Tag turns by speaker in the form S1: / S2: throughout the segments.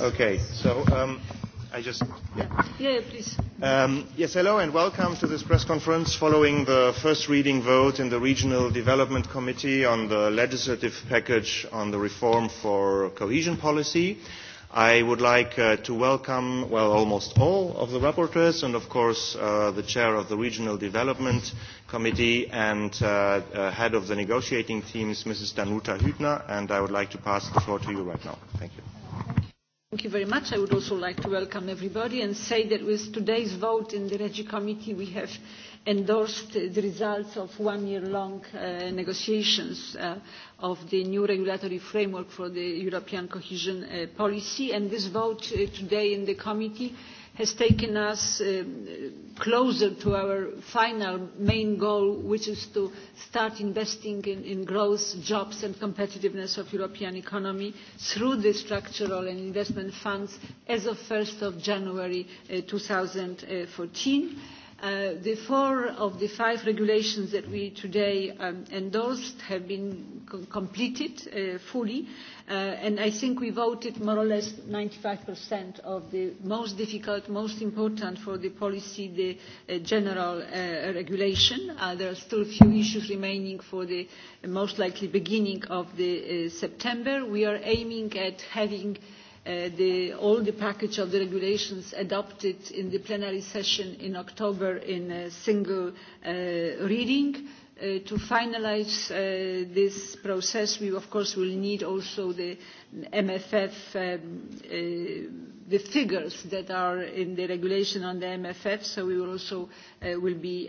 S1: Okay, so um, I just. Yeah. Yeah, yeah, please. Um, yes, hello and welcome to this press conference following the first reading vote in the Regional Development Committee on the legislative package on the reform for cohesion policy. I would like uh, to welcome, well, almost all of the rapporteurs and, of course, uh, the chair of the Regional Development Committee and uh, uh, head of the negotiating teams, Mrs. Danuta Hübner, and I would like to pass the floor to you right now. Thank you.
S2: Thank you very much. I would also like to welcome everybody and say that with today's vote in the Regi Committee, we have endorsed the results of one-year-long uh, negotiations uh, of the new regulatory framework for the European cohesion uh, policy. And this vote uh, today in the committee uh, has taken us uh, closer to our final main goal, which is to start investing in, in growth, jobs and competitiveness of European economy through the structural and investment funds as of 1st of January uh, 2014 Uh, the four of the five regulations that we today um, endorsed have been com completed uh, fully, uh, and I think we voted more or less 95% of the most difficult, most important for the policy, the uh, general uh, regulation. Uh, there are still a few issues remaining for the most likely beginning of the uh, September. We are aiming at having uh, Uh, the, all the package of the regulations adopted in the plenary session in October in a single uh, reading. Uh, to finalize uh, this process, we of course will need also the MFF, um, uh, the figures that are in the regulation on the MFF. So we will also uh, will be,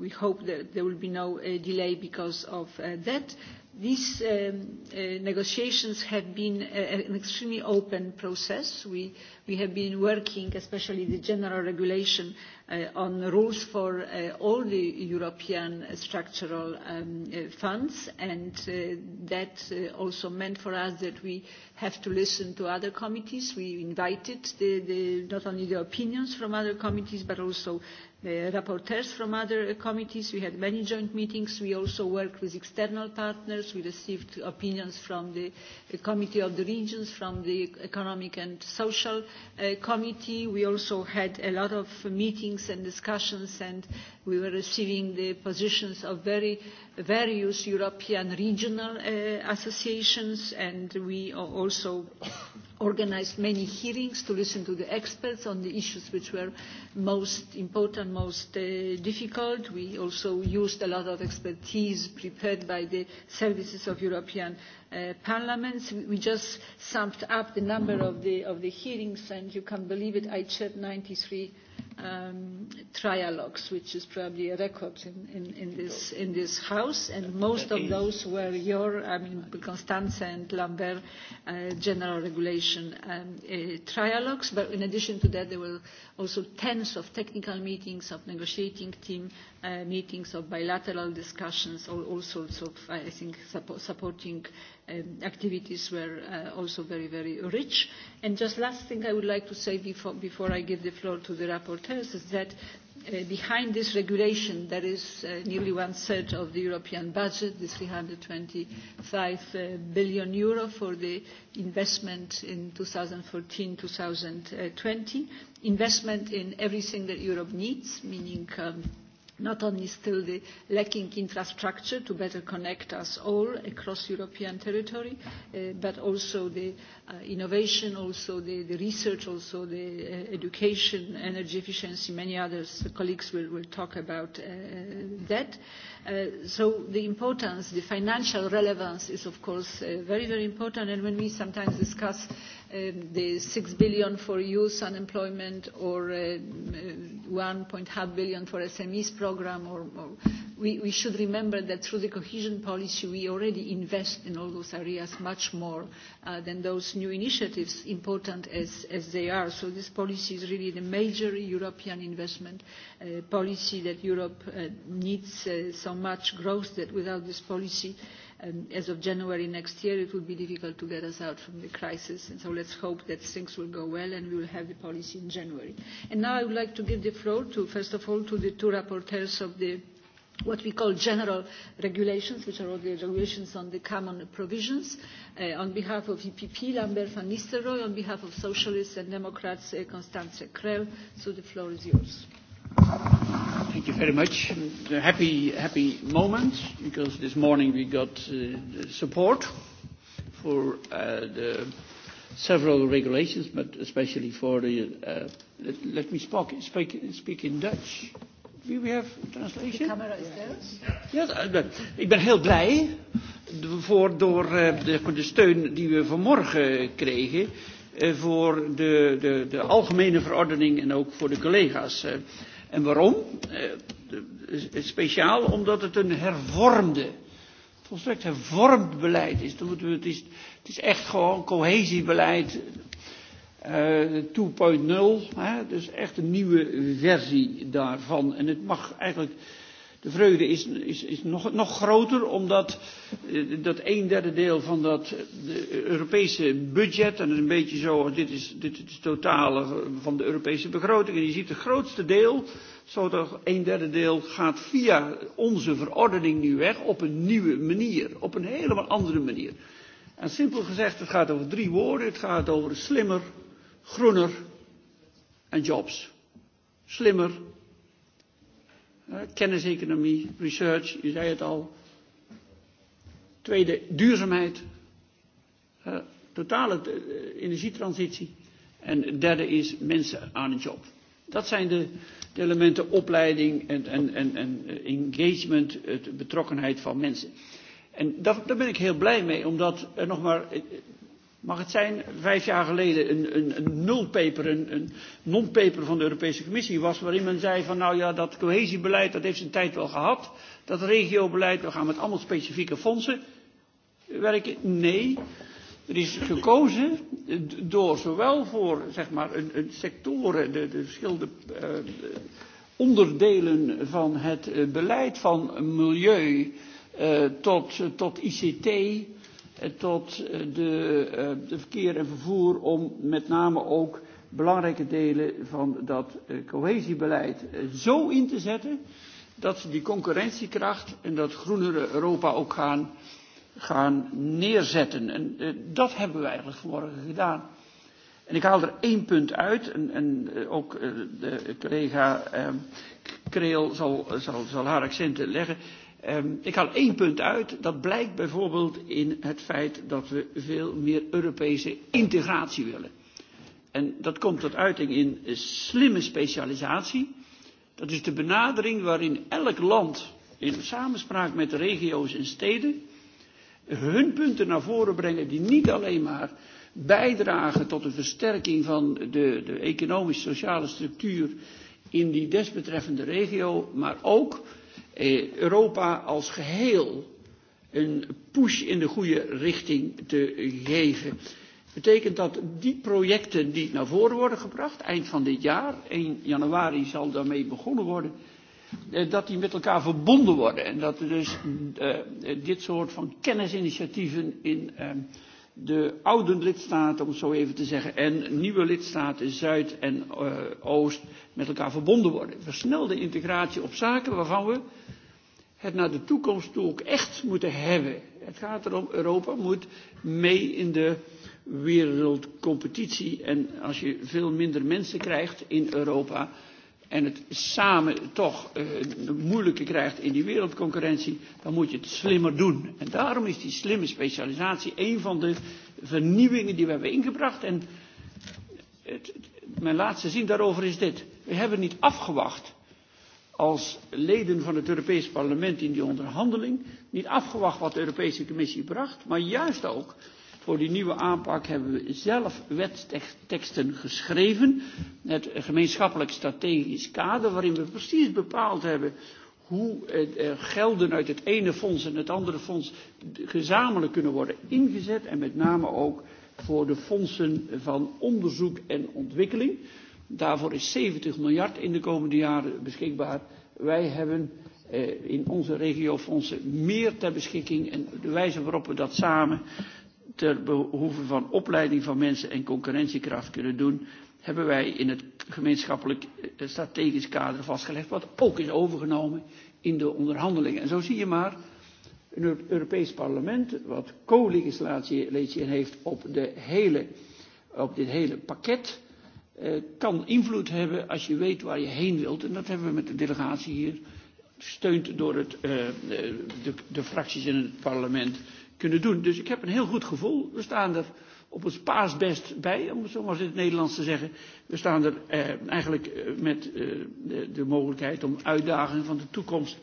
S2: we hope that there will be no delay because of that. These um, uh, negotiations have been a, uh, an extremely open process. We, we have been working, especially the general regulation, uh, on rules for uh, all the European structural um, uh, funds, and uh, that uh, also meant for us that we have to listen to other committees. We invited the, the, not only the opinions from other committees, but also Uh, rapporteurs from other committees. We had many joint meetings. We also worked with external partners. We received opinions from the uh, Committee of the Regions, from the Economic and Social uh, Committee. We also had a lot of meetings and discussions, and we were receiving the positions of very various European regional uh, associations, and we also organised many hearings to listen to the experts on the issues which were most important, most uh, difficult. We also used a lot of expertise prepared by the services of European uh, parliaments. We, we just summed up the number of the, of the hearings, and you can believe it, I chaired 93 um, trialogues, which is probably a record in, in, in, this, in this house, and most of those were your, I mean, Constanze and Lambert, uh, general regulation um, uh, trialogues. But in addition to that, there were also tens of technical meetings, of negotiating team uh, meetings, of bilateral discussions, all, all sorts of, I think, support, supporting um, activities were uh, also very, very rich. And just last thing I would like to say before, before I give the floor to the rapporteur tells us that uh, behind this regulation there is uh, nearly one third of the European budget, the 325 uh, billion euro for the investment in 2014-2020, investment in everything that Europe needs, meaning um, not only still the lacking infrastructure to better connect us all across European territory, uh, but also the uh, innovation also, the, the research also, the uh, education, energy efficiency, many others. The colleagues will, will talk about uh, that. Uh, so the importance, the financial relevance is of course uh, very, very important. And when we sometimes discuss um, the 6 billion for youth unemployment or um, uh, 1.5 billion for SMEs program, or, or we, we should remember that through the cohesion policy we already invest in all those areas much more uh, than those new initiatives, important as, as they are. So this policy is really the major European investment uh, policy that Europe uh, needs uh, so much growth that without this policy, um, as of January next year, it would be difficult to get us out from the crisis. And so let's hope that things will go well and we will have the policy in January. And now I would like to give the floor to, first of all, to the two rapporteurs of the what we call general regulations, which are all the regulations on the common provisions. Uh, on behalf of EPP, Lambert van Nistelrooy. On behalf of Socialists and Democrats, uh, Constance Krell. So the floor is yours.
S3: Thank you very much. A happy, happy moment, because this morning we got uh, support for uh, the several regulations, but especially for the... Uh, let, let me speak, speak, speak in Dutch. We have translation. De camera is theirs. Yes, eh, ik ben heel blij voor, door eh, de, de steun die we vanmorgen kregen eh, voor de, de, de algemene verordening en ook voor de collega's. En waarom? Speciaal omdat het een hervormde, volstrekt hervormd beleid is. Het is, het is echt gewoon cohesiebeleid uh, eh, 2.0. Dus echt een nieuwe versie daarvan. En het mag eigenlijk. De vreugde is, is, is nog, nog groter omdat uh, dat een derde deel van dat de Europese budget, en dat is een beetje zo, dit is, dit is het totale van de Europese begroting, en je ziet het grootste deel, zo dat een derde deel gaat via onze verordening nu weg op een nieuwe manier, op een helemaal andere manier. En simpel gezegd, het gaat over drie woorden, het gaat over slimmer, groener en jobs. Slimmer, eh, kenniseconomie, research, u zei het al. Tweede, duurzaamheid, uh, totale eh, energietransitie. En derde is mensen aan een job. Dat zijn de, de elementen opleiding en, en, en, en engagement, het, betrokkenheid van mensen. En daar, daar ben ik heel blij mee, omdat er nog maar mag het zijn, vijf jaar geleden een, een, een nulpaper, een, een non-paper van de Europese Commissie was, waarin men zei van nou ja, dat cohesiebeleid, dat heeft zijn tijd wel gehad. Dat regiobeleid, we gaan met allemaal specifieke fondsen werken. Nee, er is gekozen door zowel voor zeg maar, een, een sectoren, de, de verschillende uh, onderdelen van het eh, beleid van milieu uh, tot, uh, tot ICT, tot eh, de, eh, de verkeer en vervoer om met name ook belangrijke delen van dat eh, cohesiebeleid zo in te zetten dat ze die concurrentiekracht en dat groenere Europa ook gaan, gaan neerzetten. En dat hebben we eigenlijk vanmorgen gedaan. En ik haal er één punt uit, en, en ook de collega Kreel zal, zal, zal haar accenten leggen. Ehm, ik haal één punt uit. Dat blijkt bijvoorbeeld in het feit dat we veel meer Europese integratie willen. En dat komt tot uiting in slimme specialisatie. Dat is de benadering waarin elk land in samenspraak met de regio's en steden hun punten naar voren brengen die niet alleen maar bijdragen tot de versterking van de, de economisch-sociale structuur in die desbetreffende regio, maar ook Eh, Europa als geheel een push in de goede richting te geven. Betekent dat die projecten die naar voren worden gebracht, eind van dit jaar, 1 januari zal daarmee begonnen worden, eh, dat die met elkaar verbonden worden. En dat er dus uh, dit soort van kennisinitiatieven in, uh, de oude lidstaten, om het zo even te zeggen, en nieuwe lidstaten Zuid en uh, Oost met elkaar verbonden worden. Versnelde integratie op zaken waarvan we het naar de toekomst toe ook echt moeten hebben. Het gaat erom, Europa moet mee in de wereldcompetitie. En als je veel minder mensen krijgt in Europa, en het samen toch uh, eh, moeilijker krijgt in die wereldconcurrentie, dan moet je het slimmer doen. En daarom is die slimme specialisatie een van de vernieuwingen die we hebben ingebracht. En het, het, mijn laatste zin daarover is dit. We hebben niet afgewacht als leden van het Europees Parlement in die onderhandeling, niet afgewacht wat de Europese Commissie bracht, maar juist ook Voor die nieuwe aanpak hebben we zelf wetteksten geschreven. Het gemeenschappelijk strategisch kader waarin we precies bepaald hebben hoe eh, eh, gelden uit het ene fonds en het andere fonds gezamenlijk kunnen worden ingezet. En met name ook voor de fondsen van onderzoek en ontwikkeling. Daarvoor is 70 miljard in de komende jaren beschikbaar. Wij hebben eh, in onze regiofondsen meer ter beschikking en de wijze waarop we dat samen ter behoeve van opleiding van mensen en concurrentiekracht kunnen doen, hebben wij in het gemeenschappelijk eh, strategisch kader vastgelegd, wat ook is overgenomen in de onderhandelingen. En zo zie je maar een Europees parlement, wat co-legislatie heeft op, de hele, op dit hele pakket, eh, kan invloed hebben als je weet waar je heen wilt. En dat hebben we met de delegatie hier, gesteund door het, eh, de, de fracties in het parlement, kunnen doen. Dus ik heb een heel goed gevoel. We staan er op ons paasbest bij, om het zo maar in het Nederlands te zeggen. We staan er eh, eigenlijk eh, met eh, de, de mogelijkheid om uitdagingen van de toekomst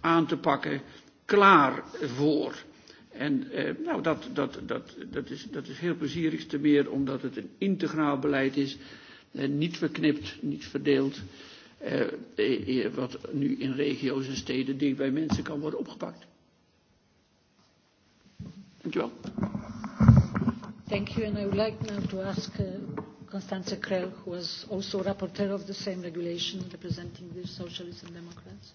S3: aan te pakken klaar voor. En eh, nou, dat, dat, dat, dat, is, dat is heel plezierig, te meer omdat het een integraal beleid is. Eh, niet verknipt, niet verdeeld. Eh, eh, wat nu in regio's en steden dicht bij mensen kan worden opgepakt. Thank you.
S2: Thank you. I would like now to ask uh, Constanze Krehl, who was also rapporteur of the same regulation, representing the Socialists and Democrats.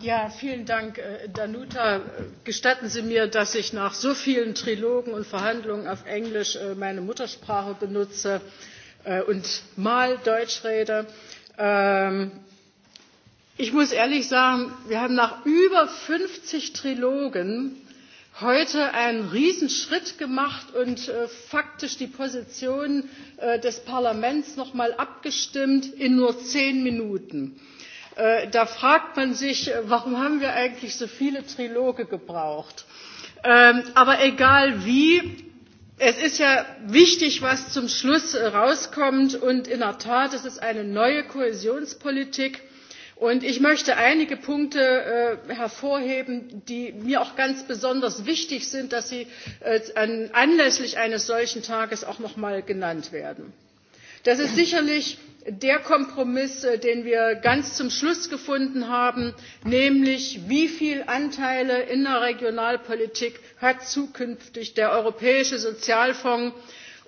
S4: Ja, vielen Dank, äh, Danuta. Gestatten Sie mir, dass ich nach so vielen Trilogen und Verhandlungen auf Englisch äh, meine Muttersprache benutze äh, und mal Deutsch rede. Ähm, ich muss ehrlich sagen, wir haben nach über 50 Trilogen heute einen Riesenschritt gemacht und äh, faktisch die Position äh, des Parlaments noch nochmal abgestimmt in nur zehn Minuten. Äh, da fragt man sich, äh, warum haben wir eigentlich so viele Triloge gebraucht? Ähm, aber egal wie, es ist ja wichtig, was zum Schluss äh, rauskommt. Und in der Tat, es ist eine neue Kohäsionspolitik Und ich möchte einige Punkte äh, hervorheben, die mir auch ganz besonders wichtig sind, dass sie äh, anlässlich eines solchen Tages auch noch einmal genannt werden. Das ist sicherlich der Kompromiss, äh, den wir ganz zum Schluss gefunden haben, nämlich wie viele Anteile in der Regionalpolitik hat zukünftig der Europäische Sozialfonds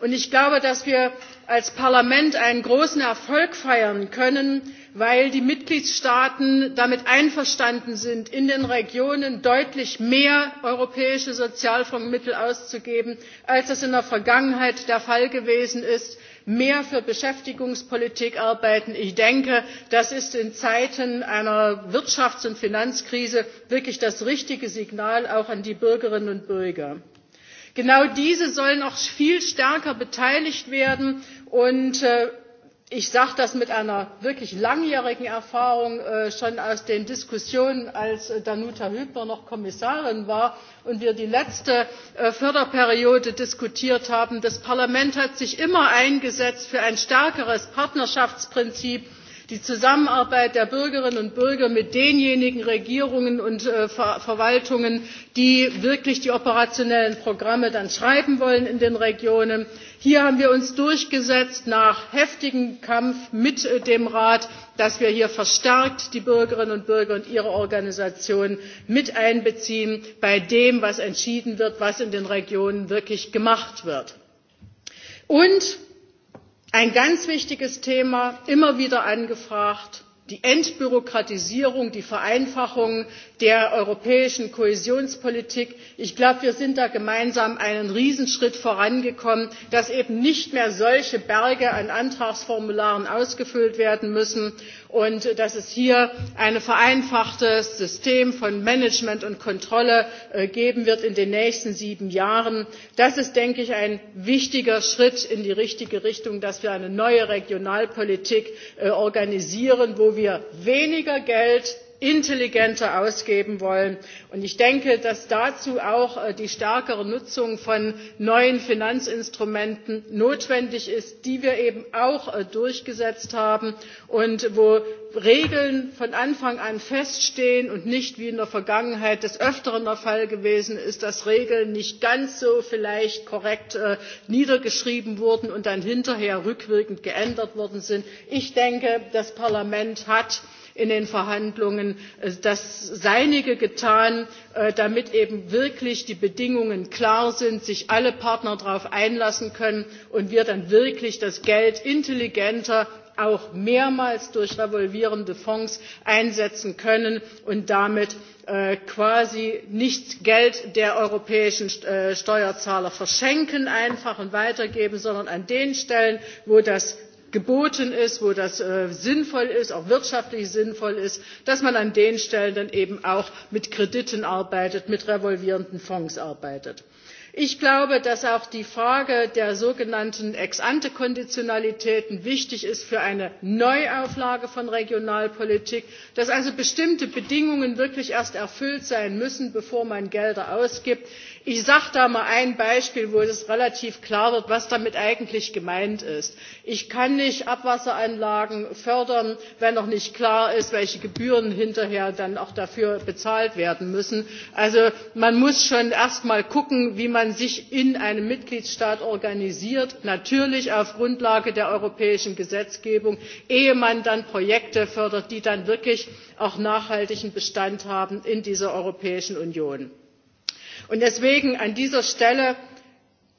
S4: und ich glaube dass wir als parlament einen großen erfolg feiern können weil die mitgliedstaaten damit einverstanden sind in den regionen deutlich mehr europäische sozialfondsmittel auszugeben als das in der vergangenheit der fall gewesen ist mehr für beschäftigungspolitik arbeiten. ich denke das ist in zeiten einer wirtschafts und finanzkrise wirklich das richtige signal auch an die bürgerinnen und bürger genau diese sollen auch viel stärker beteiligt werden und äh, ich sage das mit einer wirklich langjährigen Erfahrung äh, schon aus den Diskussionen, als äh, Danuta Hübner noch Kommissarin war und wir die letzte äh, Förderperiode diskutiert haben. Das Parlament hat sich immer eingesetzt für ein stärkeres Partnerschaftsprinzip die zusammenarbeit der bürgerinnen und bürger mit denjenigen regierungen und äh, verwaltungen die wirklich die operationellen programme dann schreiben wollen in den regionen. hier haben wir uns durchgesetzt nach heftigem kampf mit äh, dem rat dass wir hier verstärkt die bürgerinnen und bürger und ihre organisationen mit einbeziehen bei dem was entschieden wird was in den regionen wirklich gemacht wird. und Ein ganz wichtiges Thema, immer wieder angefragt, die Entbürokratisierung, die Vereinfachung der europäischen Kohäsionspolitik. Ich glaube, wir sind da gemeinsam einen Riesenschritt vorangekommen, dass eben nicht mehr solche Berge an Antragsformularen ausgefüllt werden müssen, und dass es hier ein vereinfachtes System von Management und Kontrolle äh, geben wird in den nächsten sieben Jahren. Das ist, denke ich, ein wichtiger Schritt in die richtige Richtung, dass wir eine neue Regionalpolitik äh, organisieren, wo wir weniger Geld intelligenter ausgeben wollen. Und ich denke, dass dazu auch äh, die stärkere Nutzung von neuen Finanzinstrumenten notwendig ist, die wir eben auch äh, durchgesetzt haben und wo Regeln von Anfang an feststehen und es nicht wie in der Vergangenheit des Öfteren der Fall gewesen ist, dass Regeln nicht ganz so vielleicht korrekt äh, niedergeschrieben wurden und dann hinterher rückwirkend geändert worden sind. Ich denke, das Parlament hat in den Verhandlungen äh, das Seinige getan, äh, damit eben wirklich die Bedingungen klar sind, sich alle Partner darauf einlassen können und wir dann wirklich das Geld intelligenter auch mehrmals durch revolvierende Fonds einsetzen können und damit äh, quasi nicht Geld der europäischen Steuerzahler verschenken einfach und weitergeben, sondern an den Stellen, wo das geboten ist, wo das äh, sinnvoll ist, auch wirtschaftlich sinnvoll ist, dass man an den Stellen dann eben auch mit Krediten arbeitet, mit revolvierenden Fonds arbeitet. Ich glaube, dass auch die Frage der sogenannten Ex-ante-Konditionalitäten wichtig ist für eine Neuauflage von Regionalpolitik, dass also bestimmte Bedingungen wirklich erst erfüllt sein müssen, bevor man Gelder ausgibt. Ich sage da mal ein Beispiel, wo es relativ klar wird, was damit eigentlich gemeint ist. Ich kann nicht Abwasseranlagen fördern, wenn noch nicht klar ist, welche Gebühren hinterher dann auch dafür bezahlt werden müssen. Also man muss schon erst mal gucken, wie man sich in einem Mitgliedstaat organisiert, natürlich auf Grundlage der europäischen Gesetzgebung, ehe man dann Projekte fördert, die dann wirklich auch nachhaltigen Bestand haben in dieser Europäischen Union und deswegen an dieser stelle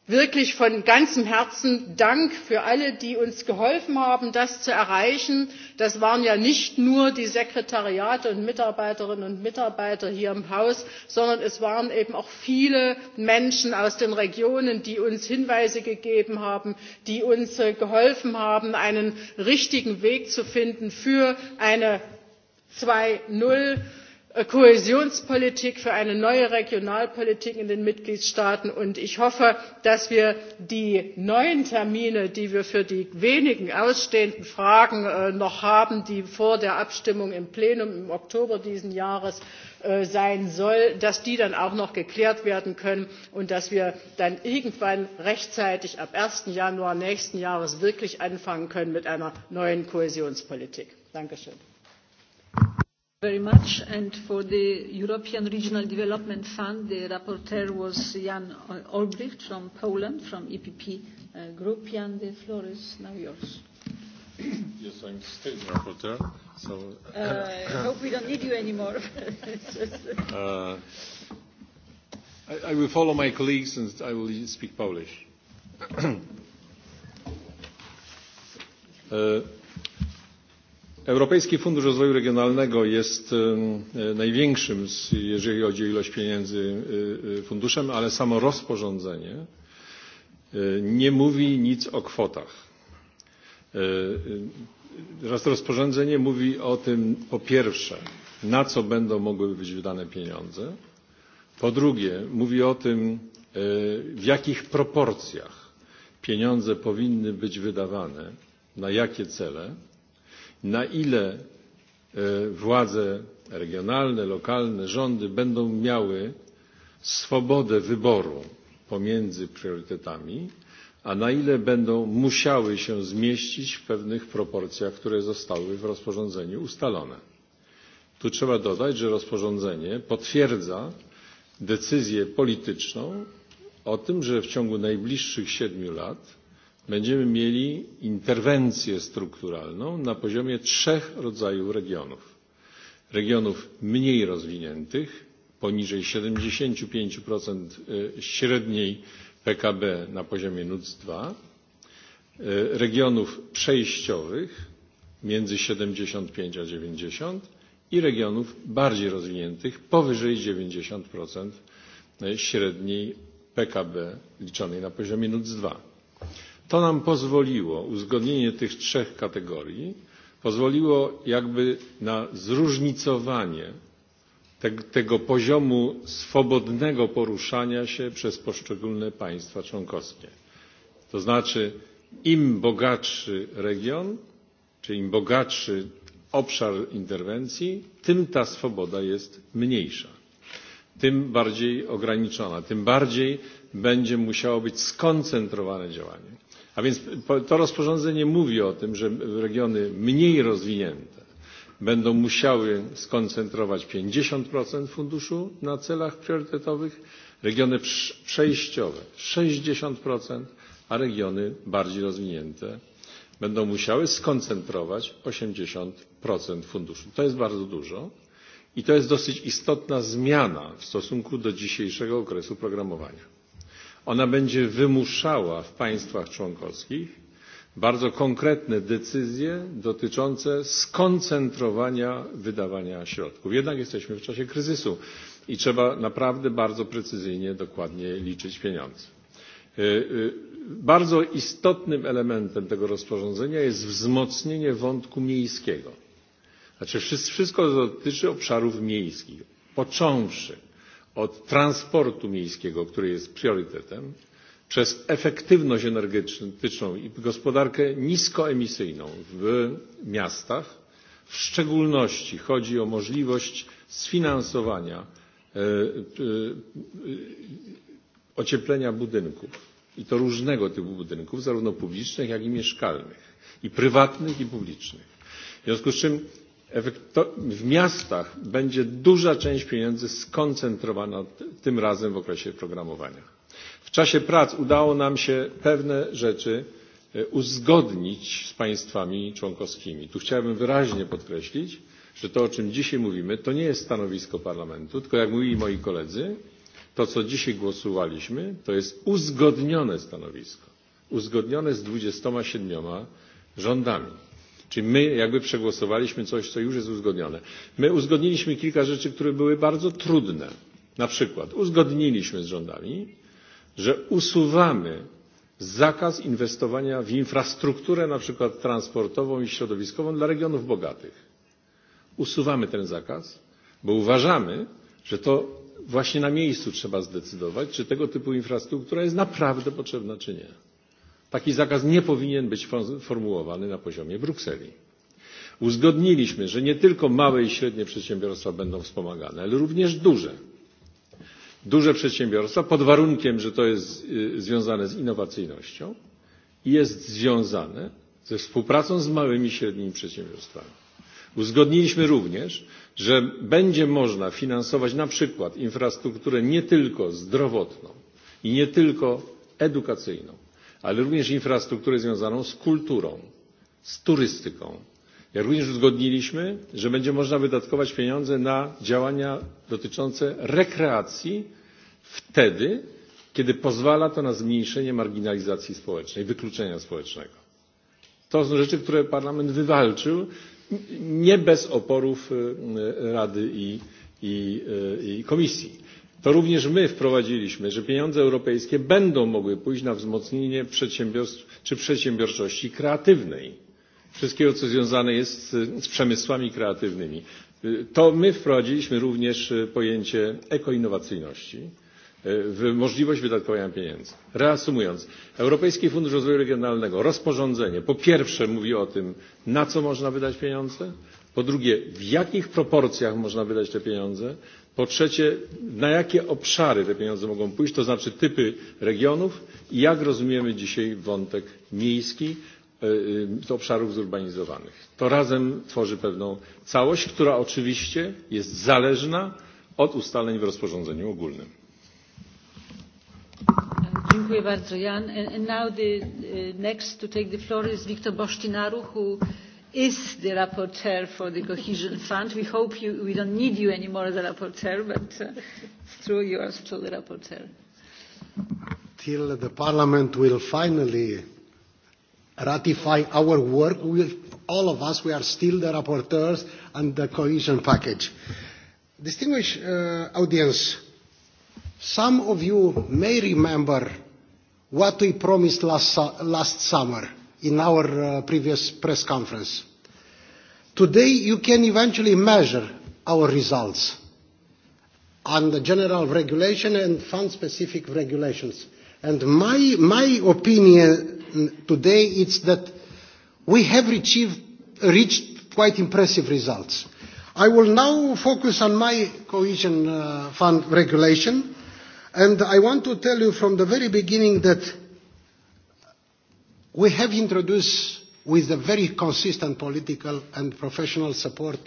S4: wirklich von ganzem herzen dank für alle die uns geholfen haben das zu erreichen. das waren ja nicht nur die sekretariate und mitarbeiterinnen und mitarbeiter hier im haus sondern es waren eben auch viele menschen aus den regionen die uns hinweise gegeben haben die uns äh, geholfen haben einen richtigen weg zu finden für eine zwei null Äh, kohäsionspolitik für eine neue regionalpolitik in den mitgliedstaaten und ich hoffe dass wir die neuen termine die wir für die wenigen ausstehenden fragen äh, noch haben die vor der abstimmung im plenum im oktober dieses jahres äh, sein sollen dann auch noch geklärt werden können und dass wir dann irgendwann rechtzeitig ab. eins januar nächsten jahres wirklich anfangen können mit einer neuen kohäsionspolitik. danke schön
S2: very much. And for the European Regional Development Fund, the rapporteur was Jan Olbricht from Poland, from EPP uh, Group. Jan, the floor is now yours.
S1: yes,
S5: I'm still the rapporteur. So uh, I hope we don't
S2: need you anymore.
S5: uh, I, I will follow my colleagues and I will speak Polish. uh, Europejski Fundusz Rozwoju Regionalnego jest e, największym, jeżeli chodzi o ilość pieniędzy, e, e, funduszem, ale samo rozporządzenie nie mówi nic o kwotach. Rozporządzenie mówi o tym, po pierwsze, na co będą mogły być wydane pieniądze, po drugie, mówi o tym, w jakich proporcjach pieniądze powinny być wydawane, na jakie cele, na ile e, władze regionalne lokalne rządy będą miały swobodę wyboru pomiędzy priorytetami a na ile będą musiały się zmieścić w pewnych proporcjach które zostały w rozporządzeniu ustalone. tu trzeba dodać że rozporządzenie potwierdza decyzję polityczną o tym że w ciągu najbliższych siedmiu lat będziemy mieli interwencję strukturalną na poziomie trzech rodzajów regionów regionów mniej rozwiniętych poniżej siedemdziesiąt pięć średniej pkb na poziomie nuc dwa regionów przejściowych między siedemdziesiąt pięć a dziewięćdzisiąt i regionów bardziej rozwiniętych powyżej dziewięćdzisiąt średniej pkb liczonej na poziomie nuc dwa To nam pozwoliło, uzgodnienie tych trzech kategorii, pozwoliło jakby na zróżnicowanie te, tego poziomu swobodnego poruszania się przez poszczególne państwa członkowskie. To znaczy, im bogatszy region, czy im bogatszy obszar interwencji, tym ta swoboda jest mniejsza, tym bardziej ograniczona, tym bardziej będzie musiało być skoncentrowane działanie. A więc to rozporządzenie mówi o tym, że regiony mniej rozwinięte będą musiały skoncentrować 50% funduszu na celach priorytetowych, regiony przejściowe 60%, a regiony bardziej rozwinięte będą musiały skoncentrować 80% funduszu. To jest bardzo dużo i to jest dosyć istotna zmiana w stosunku do dzisiejszego okresu programowania. Ona będzie wymuszała w państwach członkowskich bardzo konkretne decyzje dotyczące skoncentrowania wydawania środków. Jednak jesteśmy w czasie kryzysu i trzeba naprawdę bardzo precyzyjnie, dokładnie liczyć pieniądze. Bardzo istotnym elementem tego rozporządzenia jest wzmocnienie wątku miejskiego. Znaczy wszystko dotyczy obszarów miejskich, począwszy od transportu miejskiego, który jest priorytetem, przez efektywność energetyczną i gospodarkę niskoemisyjną w miastach. W szczególności chodzi o możliwość sfinansowania e, e, e, ocieplenia budynków i to różnego typu budynków, zarówno publicznych, jak i mieszkalnych, i prywatnych, i publicznych. W związku z czym w miastach będzie duża część pieniędzy skoncentrowana tym razem w okresie programowania. W czasie prac udało nam się pewne rzeczy e, uzgodnić z państwami członkowskimi. Tu chciałbym wyraźnie podkreślić, że to, o czym dzisiaj mówimy, to nie jest stanowisko parlamentu, tylko jak mówili moi koledzy, to, co dzisiaj głosowaliśmy, to jest uzgodnione stanowisko. Uzgodnione z 27 rządami. Czyli my jakby przegłosowaliśmy coś, co już jest uzgodnione. My uzgodniliśmy kilka rzeczy, które były bardzo trudne. Na przykład uzgodniliśmy z rządami, że usuwamy zakaz inwestowania w infrastrukturę na przykład transportową i środowiskową dla regionów bogatych. Usuwamy ten zakaz, bo uważamy, że to właśnie na miejscu trzeba zdecydować, czy tego typu infrastruktura jest naprawdę potrzebna, czy nie. Taki zakaz nie powinien być formułowany na poziomie Brukseli. Uzgodniliśmy, że nie tylko małe i średnie przedsiębiorstwa będą wspomagane, ale również duże. Duże przedsiębiorstwa pod warunkiem, że to jest związane z innowacyjnością i jest związane ze współpracą z małymi i średnimi przedsiębiorstwami. Uzgodniliśmy również, że będzie można finansować na przykład infrastrukturę nie tylko zdrowotną i nie tylko edukacyjną, ale również infrastrukturę związaną z kulturą, z turystyką. Jak również uzgodniliśmy, że będzie można wydatkować pieniądze na działania dotyczące rekreacji wtedy, kiedy pozwala to na zmniejszenie marginalizacji społecznej, wykluczenia społecznego. To są rzeczy, które Parlament wywalczył nie bez oporów Rady i, i, i Komisji. To również my wprowadziliśmy, że pieniądze europejskie będą mogły pójść na wzmocnienie przedsiębiorstw czy przedsiębiorczości kreatywnej, wszystkiego co związane jest z, przemysłami kreatywnymi. To my wprowadziliśmy również e, pojęcie ekoinnowacyjności e, w możliwość wydatkowania pieniędzy. Reasumując, Europejski Fundusz Rozwoju Regionalnego, rozporządzenie po pierwsze mówi o tym, na co można wydać pieniądze, po drugie, w jakich proporcjach można wydać te pieniądze, Po trzecie, na jakie obszary te pieniądze mogą pójść, to znaczy typy regionów i jak rozumiemy dzisiaj wątek miejski e, e, z obszarów zurbanizowanych. To razem tworzy pewną całość, która oczywiście jest zależna od ustaleń w rozporządzeniu ogólnym.
S2: Dziękuję bardzo, Jan. And, now the uh, next to take the floor is Victor Bosztinaru, who is the rapporteur for the cohesion fund. We hope you, we don't need you anymore as a rapporteur, but uh, it's true you are still the rapporteur.
S6: Till the parliament will finally ratify our work, we'll, all of us, we are still the rapporteurs and the cohesion package. Distinguished uh, audience, some of you may remember what we promised last, last summer in our uh, previous press conference. Today you can eventually measure our results on the general regulation and fund-specific regulations. And my, my opinion today is that we have achieved, reached quite impressive results. I will now focus on my cohesion uh, fund regulation. And I want to tell you from the very beginning that We have introduced, with the very consistent political and professional support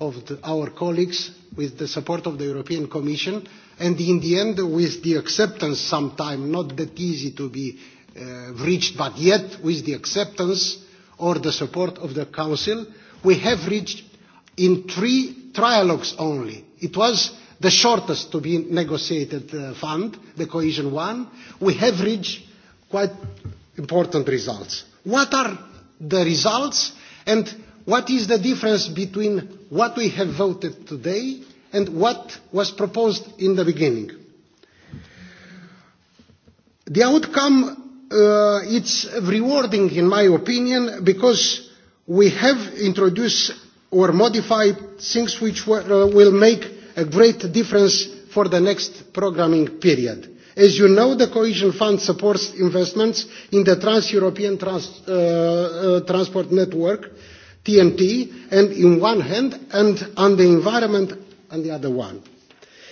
S6: of the, our colleagues, with the support of the European Commission, and in the end, with the acceptance sometime, not that easy to be uh, reached, but yet with the acceptance or the support of the Council, we have reached in three trialogues only. It was the shortest to be negotiated uh, fund, the cohesion one. We have reached quite important results. What are the results and what is the difference between what we have voted today and what was proposed in the beginning? The outcome, uh, it's rewarding in my opinion because we have introduced or modified things which were, uh, will make a great difference for the next programming period As you know, the Cohesion Fund supports investments in the Trans-European Trans, uh, uh, Transport Network, TNT, and in one hand, and on the environment on the other one.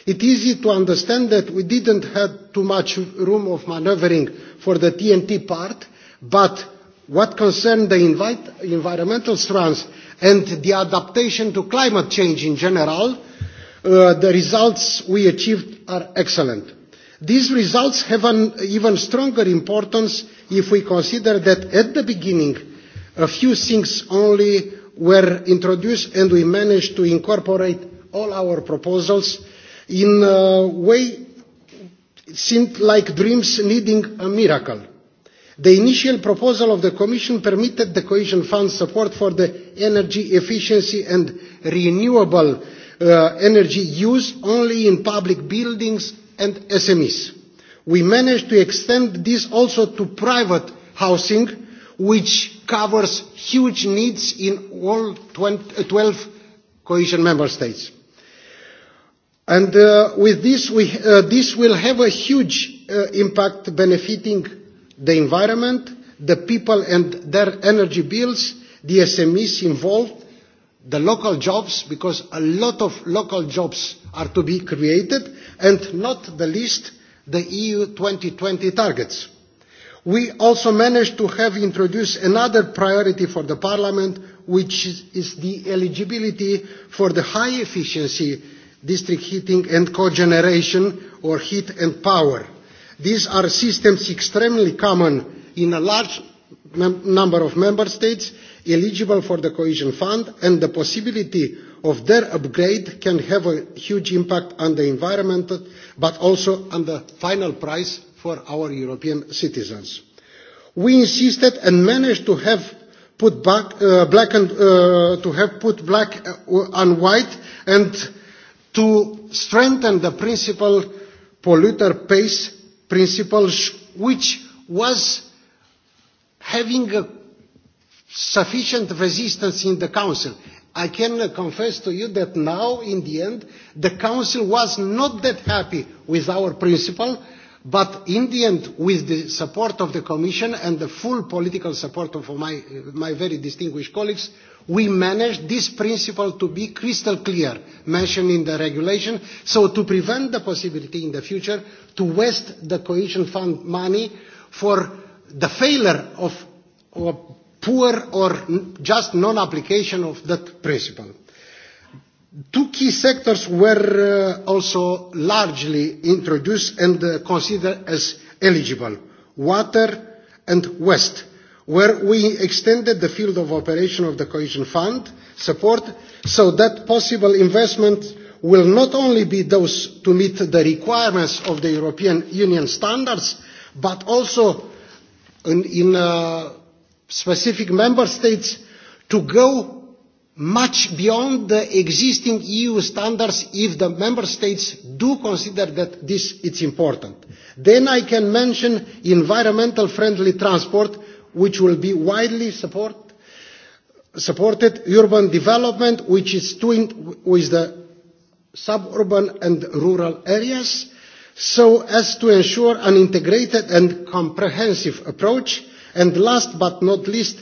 S6: It is easy to understand that we didn't have too much room of maneuvering for the TNT part, but what concerns the invite, environmental strands and the adaptation to climate change in general, uh, the results we achieved are excellent. These results have an even stronger importance if we consider that at the beginning a few things only were introduced and we managed to incorporate all our proposals in a way it seemed like dreams needing a miracle. The initial proposal of the Commission permitted the cohesion fund support for the energy efficiency and renewable uh, energy use only in public buildings and SMEs. We managed to extend this also to private housing, which covers huge needs in all 12 uh, cohesion member states. And uh, with this, we, uh, this will have a huge uh, impact benefiting the environment, the people and their energy bills, the SMEs involved, the local jobs, because a lot of local jobs are to be created, and not the least, the EU 2020 targets. We also managed to have introduced another priority for the Parliament, which is the eligibility for the high efficiency district heating and cogeneration or heat and power. These are systems extremely common in a large number of member states eligible for the cohesion fund and the possibility of their upgrade can have a huge impact on the environment, but also on the final price for our European citizens. We insisted and managed to have put back, uh, black and, uh, to have put black uh, on white and to strengthen the principle polluter pays principle, which was having a sufficient resistance in the Council. I can confess to you that now, in the end, the Council was not that happy with our principle, but in the end, with the support of the Commission and the full political support of my, my very distinguished colleagues, we managed this principle to be crystal clear, mentioned in the regulation, so to prevent the possibility in the future to waste the cohesion fund money for the failure of, of poor or just non-application of that principle. Two key sectors were uh, also largely introduced and uh, considered as eligible, water and waste, where we extended the field of operation of the cohesion fund support so that possible investments will not only be those to meet the requirements of the European Union standards, but also in, in uh, specific member states to go much beyond the existing EU standards if the member states do consider that this is important. Then I can mention environmental friendly transport, which will be widely support, supported, urban development, which is twinned with the suburban and rural areas, so as to ensure an integrated and comprehensive approach And last but not least,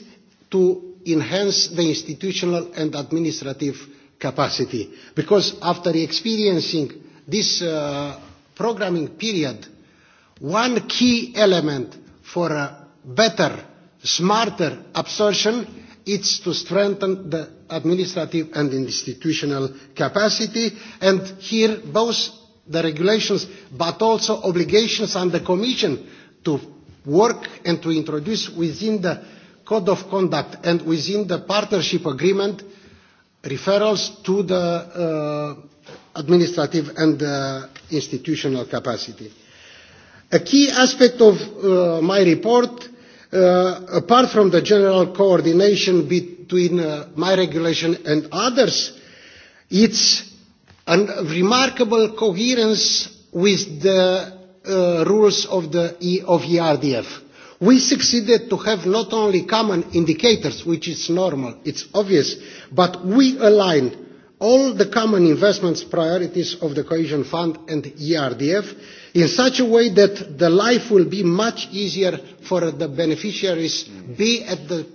S6: to enhance the institutional and administrative capacity. Because after experiencing this uh, programming period, one key element for a better, smarter absorption is to strengthen the administrative and institutional capacity. And here, both the regulations but also obligations on the Commission to work and to introduce within the code of conduct and within the partnership agreement referrals to the uh, administrative and uh, institutional capacity. A key aspect of uh, my report, uh, apart from the general coordination between uh, my regulation and others, it's a remarkable coherence with the Uh, rules of the e, of ERDF. We succeeded to have not only common indicators, which is normal, it's obvious, but we aligned all the common investments priorities of the Cohesion Fund and ERDF in such a way that the life will be much easier for the beneficiaries, be at the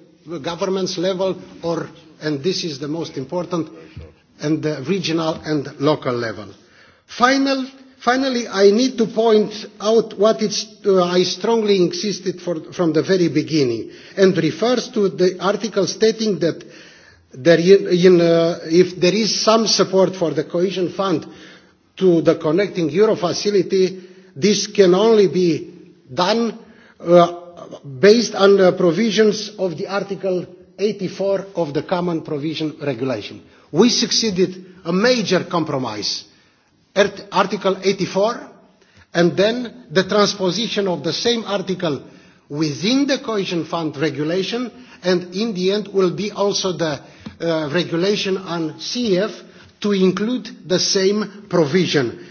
S6: government's level or, and this is the most important, and the regional and local level. Final Finally, I need to point out what it's, uh, I strongly insisted for, from the very beginning and refers to the article stating that there in, uh, if there is some support for the cohesion fund to the connecting euro facility, this can only be done uh, based on the provisions of the article 84 of the common provision regulation. We succeeded a major compromise Article 84, and then the transposition of the same article within the cohesion fund regulation, and in the end will be also the uh, regulation on CF to include the same provision.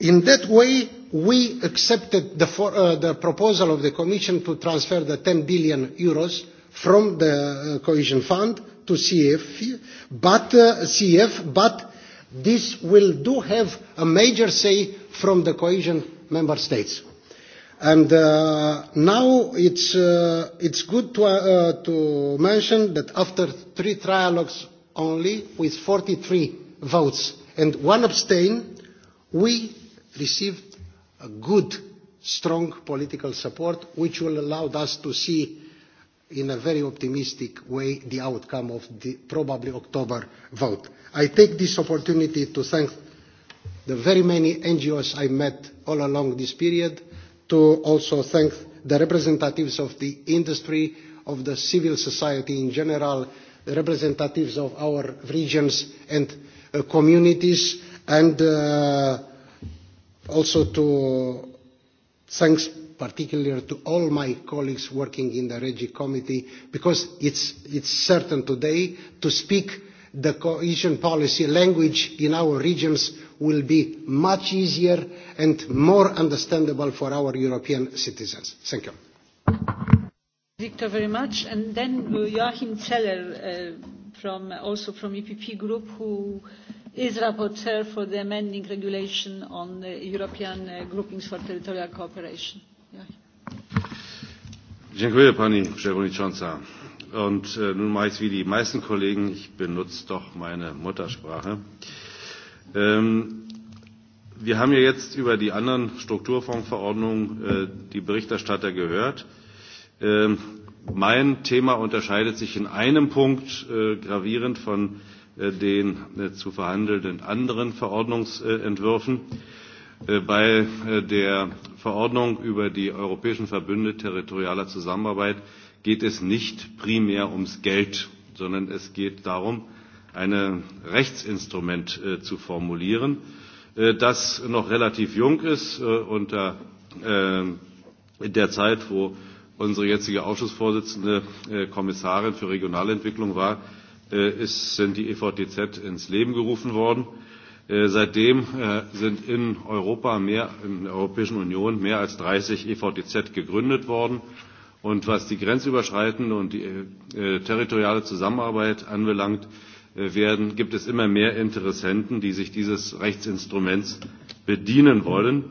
S6: In that way, we accepted the, for, uh, the proposal of the Commission to transfer the 10 billion euros from the uh, cohesion fund to CF, but uh, CF, but This will do have a major say from the cohesion member states. And uh, now it's, uh, it's good to, uh, to mention that after three trialogues only, with 43 votes and one abstain, we received a good, strong political support, which will allow us to see in a very optimistic way the outcome of the probably October vote. I take this opportunity to thank the very many NGOs I met all along this period, to also thank the representatives of the industry, of the civil society in general, the representatives of our regions and uh, communities, and uh, also to thanks particularly to all my colleagues working in the Regi Committee, because it's, it's certain today to speak the cohesion policy language in our regions will be much easier and more understandable for our European citizens. Thank you.
S2: Victor, very much. And then uh, Joachim Zeller, uh, from, also from EPP Group, who is rapporteur for the amending regulation on the European uh, groupings for territorial cooperation. Joachim.
S1: Dziękuję Pani Przewodnicząca Und äh, nun mache ich es wie die meisten Kollegen, ich benutze doch meine Muttersprache. Ähm, wir haben ja jetzt über die anderen Strukturfondsverordnungen äh, die Berichterstatter gehört. Ähm, mein Thema unterscheidet sich in einem Punkt äh, gravierend von äh, den äh, zu verhandelnden anderen Verordnungsentwürfen. Äh, äh, bei äh, der Verordnung über die europäischen Verbünde territorialer Zusammenarbeit äh, geht es nicht primär ums Geld, sondern es geht darum, ein Rechtsinstrument äh, zu formulieren, äh, das noch relativ jung ist äh, unter äh, in der Zeit, wo unsere jetzige Ausschussvorsitzende äh, Kommissarin für Regionalentwicklung war, äh, ist, sind die EVTZ ins Leben gerufen worden. Seitdem sind in Europa mehr, in der Europäischen Union mehr als 30 EVTZ gegründet worden. Und was die grenzüberschreitende und die äh, territoriale Zusammenarbeit anbelangt, äh, werden, gibt es immer mehr Interessenten, die sich dieses Rechtsinstruments bedienen wollen.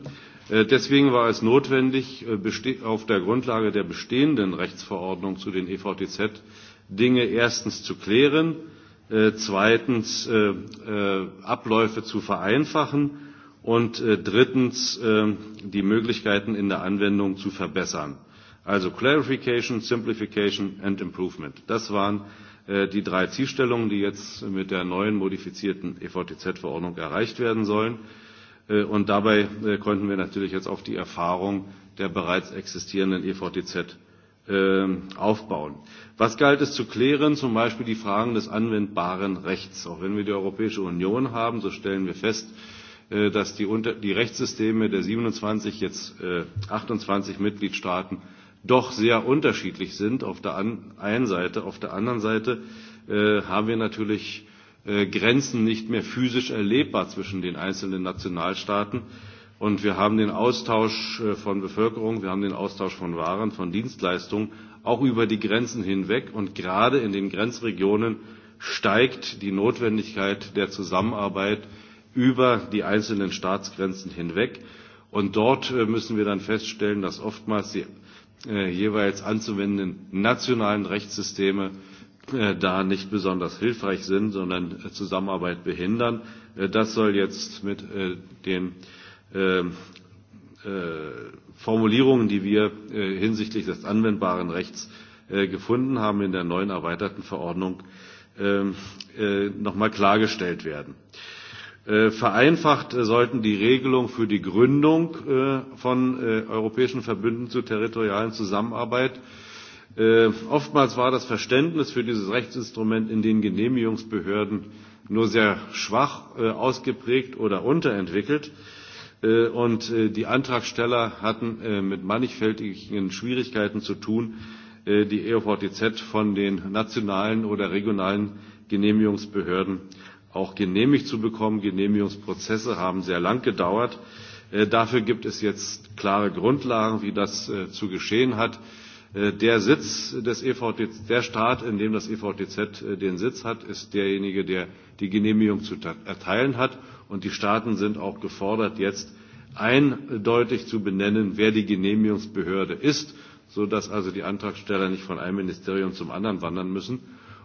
S1: Äh, deswegen war es notwendig, äh, auf der Grundlage der bestehenden Rechtsverordnung zu den EVTZ Dinge erstens zu klären, äh, zweitens äh, äh, Abläufe zu vereinfachen und äh, drittens äh, die Möglichkeiten in der Anwendung zu verbessern. Also Clarification, Simplification and Improvement. Das waren äh, die drei Zielstellungen, die jetzt mit der neuen modifizierten EVTZ-Verordnung erreicht werden sollen. Äh, und dabei äh, konnten wir natürlich jetzt auf die Erfahrung der bereits existierenden EVTZ ähm, aufbauen. Was galt es zu klären? Zum Beispiel die Fragen des anwendbaren Rechts. Auch wenn wir die Europäische Union haben, so stellen wir fest, dass die Rechtssysteme der 27, jetzt 28 Mitgliedstaaten doch sehr unterschiedlich sind auf der einen Seite. Auf der anderen Seite äh, haben wir natürlich äh, Grenzen nicht mehr physisch erlebbar zwischen den einzelnen Nationalstaaten. Und wir haben den Austausch äh, von Bevölkerung, wir haben den Austausch von Waren, von Dienstleistungen auch über die Grenzen hinweg. Und gerade in den Grenzregionen steigt die Notwendigkeit der Zusammenarbeit über die einzelnen Staatsgrenzen hinweg. Und dort äh, müssen wir dann feststellen, dass oftmals die Äh, jeweils anzuwendenden nationalen Rechtssysteme äh, da nicht besonders hilfreich sind, sondern äh, Zusammenarbeit behindern. Das soll jetzt mit den ähm, Formulierungen, die wir hinsichtlich des anwendbaren Rechts gefunden haben, in der neuen erweiterten Verordnung ähm, noch einmal klargestellt werden. Äh, Äh, vereinfacht äh, sollten die Regelungen für die Gründung äh, von europäischen Verbünden zur territorialen Zusammenarbeit Oftmals war das Verständnis für dieses Rechtsinstrument in den Genehmigungsbehörden nur sehr schwach ausgeprägt oder unterentwickelt. Und die Antragsteller hatten mit mannigfältigen Schwierigkeiten zu tun, die EOVTZ von den nationalen oder regionalen Genehmigungsbehörden auch genehmigt zu bekommen. Genehmigungsprozesse haben sehr lang gedauert. Äh, dafür gibt es jetzt klare Grundlagen, wie das äh, zu geschehen hat. Äh, der Sitz des EVTZ, der Staat, in dem das EVTZ den Sitz hat, ist derjenige, der die Genehmigung zu erteilen hat. Und die Staaten sind auch gefordert, jetzt eindeutig zu benennen, wer die Genehmigungsbehörde ist, sodass also die Antragsteller nicht von einem Ministerium zum anderen wandern müssen.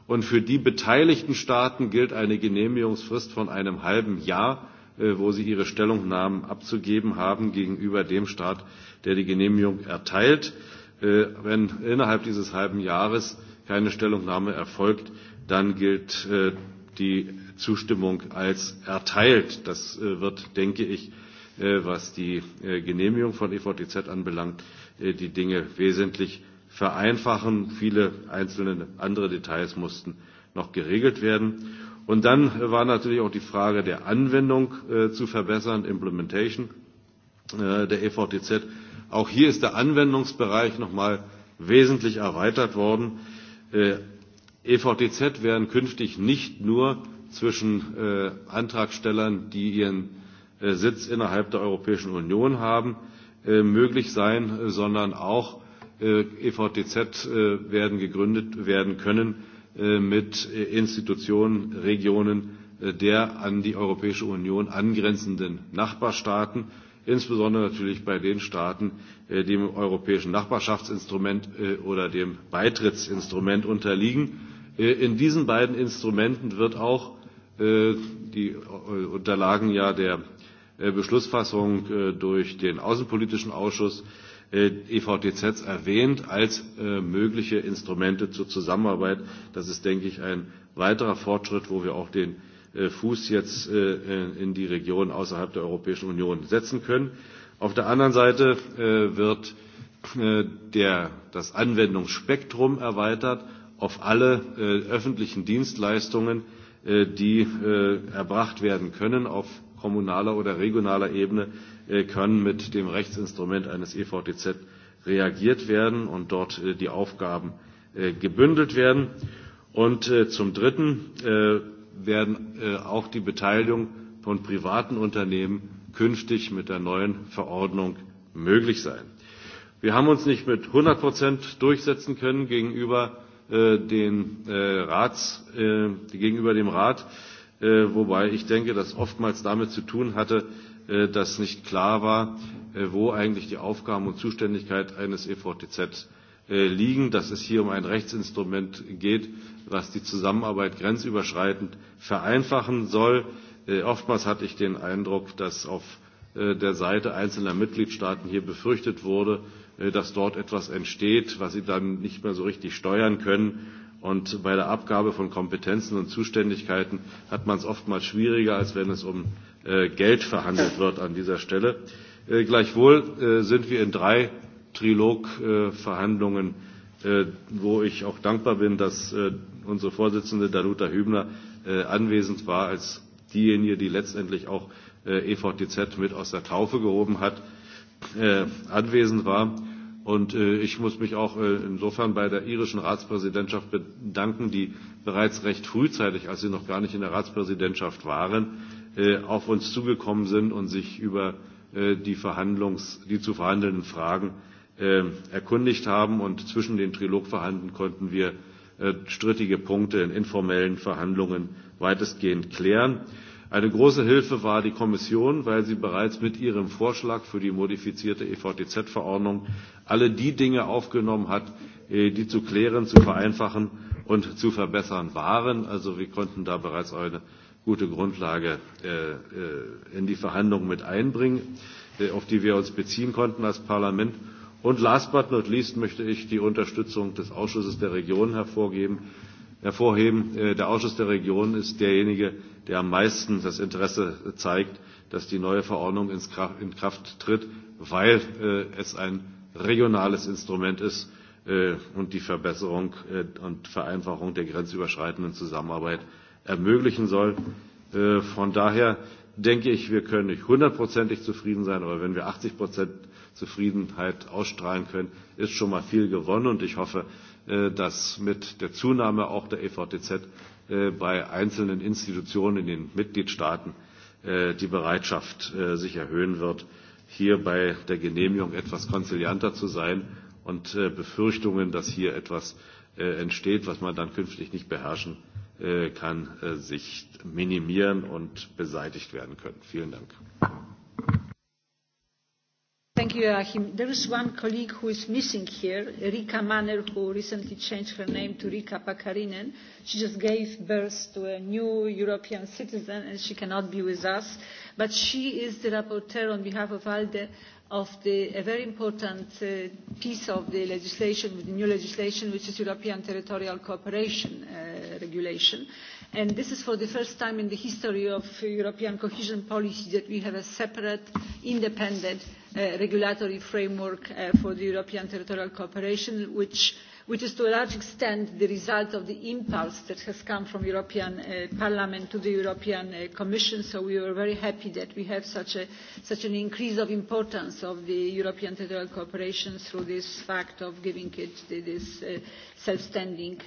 S1: Und für die beteiligten Staaten gilt eine Genehmigungsfrist von einem halben Jahr, äh, wo sie ihre Stellungnahmen abzugeben haben gegenüber dem Staat, der die Genehmigung erteilt. Äh, wenn innerhalb dieses halben Jahres keine Stellungnahme erfolgt, dann gilt äh, die Zustimmung als erteilt. Das wird, denke ich, was die Genehmigung von EVTZ anbelangt, die Dinge wesentlich vereinfachen. Viele einzelne andere Details mussten noch geregelt werden. Und dann war natürlich auch die Frage der Anwendung äh, zu verbessern, Implementation äh, der EVTZ. Auch hier ist der Anwendungsbereich nochmal wesentlich erweitert worden. Äh, EVTZ werden künftig nicht nur zwischen äh, Antragstellern, die ihren äh, Sitz innerhalb der Europäischen Union haben, äh, möglich sein, sondern auch äh, Äh, EVTZ äh, werden gegründet werden können äh, mit Institutionen, Regionen der an die Europäische Union angrenzenden Nachbarstaaten, insbesondere natürlich bei den Staaten, die dem europäischen Nachbarschaftsinstrument oder dem Beitrittsinstrument unterliegen. In diesen beiden Instrumenten wird auch die Unterlagen ja der Beschlussfassung durch den Außenpolitischen Ausschuss Äh, EVTZs erwähnt als äh, mögliche Instrumente zur Zusammenarbeit. Das ist, denke ich, ein weiterer Fortschritt, wo wir auch den äh, Fuß jetzt in die Region außerhalb der Europäischen Union setzen können. Auf der anderen Seite wird der, das Anwendungsspektrum erweitert auf alle öffentlichen Dienstleistungen, die erbracht werden können, auf kommunaler oder regionaler Ebene äh, kann mit dem Rechtsinstrument eines EVTZ reagiert werden und dort äh, die Aufgaben äh, gebündelt werden. Und zum Dritten werden auch die Beteiligung von privaten Unternehmen künftig mit der neuen Verordnung möglich sein. Wir haben uns nicht mit 100 Prozent durchsetzen können gegenüber, den Rats, gegenüber dem Rat. Äh, wobei ich denke, dass oftmals damit zu tun hatte, äh, dass nicht klar war, äh, wo eigentlich die Aufgaben und Zuständigkeit eines EVTZ liegen, dass es hier um ein Rechtsinstrument geht, was die Zusammenarbeit grenzüberschreitend vereinfachen soll. Oftmals hatte ich den Eindruck, dass auf der Seite einzelner Mitgliedstaaten hier befürchtet wurde, dass dort etwas entsteht, was sie dann nicht mehr so richtig steuern können Und bei der Abgabe von Kompetenzen und Zuständigkeiten hat man es oftmals schwieriger, als wenn es um äh, Geld verhandelt wird an dieser Stelle. Äh, gleichwohl äh, sind wir in drei Trilogverhandlungen, äh, äh, wo ich auch dankbar bin, dass äh, unsere Vorsitzende Danuta Hübner äh, anwesend war als diejenige, die letztendlich auch äh, EVTZ mit aus der Taufe gehoben hat, äh, anwesend war. Und äh, ich muss mich auch äh, insofern bei der irischen Ratspräsidentschaft bedanken, die bereits recht frühzeitig, als sie noch gar nicht in der Ratspräsidentschaft waren, äh, auf uns zugekommen sind und sich über die, Verhandlungs-, die zu verhandelnden Fragen erkundigt haben. Und zwischen den Trilogverhandlungen konnten wir strittige Punkte in informellen Verhandlungen weitestgehend klären. Eine große Hilfe war die Kommission, weil sie bereits mit ihrem Vorschlag für die modifizierte EVTZ-Verordnung alle die Dinge aufgenommen hat, äh, die zu klären, zu vereinfachen und zu verbessern waren. Also wir konnten da bereits eine gute Grundlage äh, äh, in die Verhandlungen mit einbringen, auf die wir uns beziehen konnten als Parlament. Und last but not least möchte ich die Unterstützung des Ausschusses der Regionen hervorgeben hervorheben. Äh, der Ausschuss der Regionen ist derjenige, der am meisten das Interesse zeigt, dass die neue Verordnung in Kraft tritt, weil äh, es ein regionales Instrument ist äh, und die Verbesserung und Vereinfachung der grenzüberschreitenden Zusammenarbeit ermöglichen soll. von daher denke ich, wir können nicht hundertprozentig zufrieden sein, aber wenn wir 80 Prozent Zufriedenheit ausstrahlen können, ist schon mal viel gewonnen und ich hoffe, Äh, dass mit der Zunahme auch der EVTZ äh, bei einzelnen Institutionen in den Mitgliedstaaten äh, die Bereitschaft sich erhöhen wird, hier bei der Genehmigung etwas konzilianter zu sein und Befürchtungen, dass hier etwas entsteht, was man dann künftig nicht beherrschen kann, sich minimieren und beseitigt werden können. Vielen Dank.
S2: Thank you, Ahim. There is one colleague who is missing here, Rika Manner, who recently changed her name to Rika Pakarinen. She just gave birth to a new European citizen and she cannot be with us. But she is the rapporteur on behalf of ALDE of the, a very important uh, piece of the legislation, the new legislation, which is European Territorial Cooperation uh, Regulation. And this is for the first time in the history of European cohesion policy that we have a separate, independent Uh, regulatory framework uh, for the European territorial cooperation, which is to a large extent the result of the impulse that has come from the European uh, Parliament to the European Commission. So we are very happy that we have such, a, such an increase of importance of the European territorial cooperation through this fact of giving it this self-standing